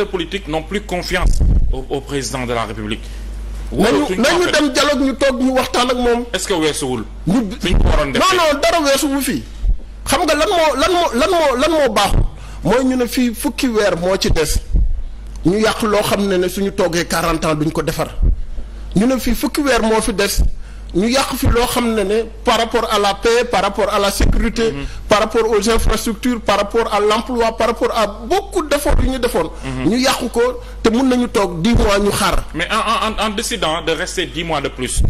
acteurs politiques n'ont plus confiance président de la République. nañu dem dialogue ñu toog ñu waxtaan ak moom. est-ce que weesuwul. ñu fi ñu ko waroon def non fii. xam nga lan moo lan moo lan moo lan moo baaxul mooy ñu ne fii fukki weer moo ci des ñu yàq loo xam ne ne suñu toogee 40 ans duñ ko defar ñu ne fii fukki weer moo fi des. ñu yàq fi loo xam ne ne par rapport à la paix par rapport à la sécurité mm-hmm. par rapport aux infrastructures par rapport à l'emploi par rapport à beaucoup d'efforts yu ñu defoon mm-hmm. ñu yàqu ko te mun nañu toog dix mois ñu xaar mais en en en de rester dix mois de plus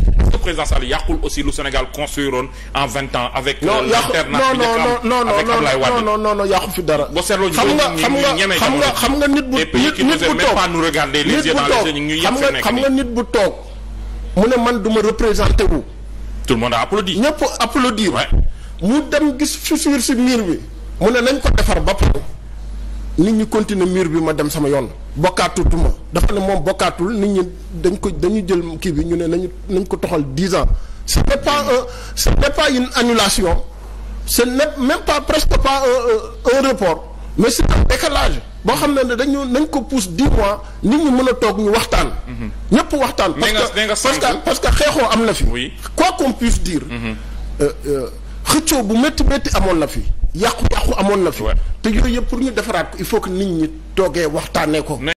est-ce lu Sénégal construiroon en vingt ans avec non euh, non non non non non non fi dara xam nga xam nga xam nga xam nga nit bu nit bu toog nit bu toog xam nga xam nga nit bu toog mu ne man duma ma représenté wu. tout le monde a applaudi. ñëpp applaudir mu dem gis fissure si miir bi. mu ne nañ ko defar ba pare nit ñi continuer mur bi ma dem sama yoon. bokkaatutuma dafa ne moom bokkaatul nit ñi dañ ko dañu jël kii bi ñu ne nañu nañ ko toxal dix ans. ce n'est pas un ce pas une annulation ce n'est même pas presque pas un, un report mais c'est un décalage. boo xam ne dañu nañ ko pouse dix mois nit ñi mën a toog ñu waxtaan. Mhm. ñëpp waxtaan. parce que parce que xeexoo am na fi. quoi qu'on puisse dire. Mhm. Euh, euh, xëccoo bu métti métti amoon na fi yàqu-yàqu amoon na fi. te yooyu yëpp pour ñu defaraat ko il faut que nit ñi toogee waxtaanee ko.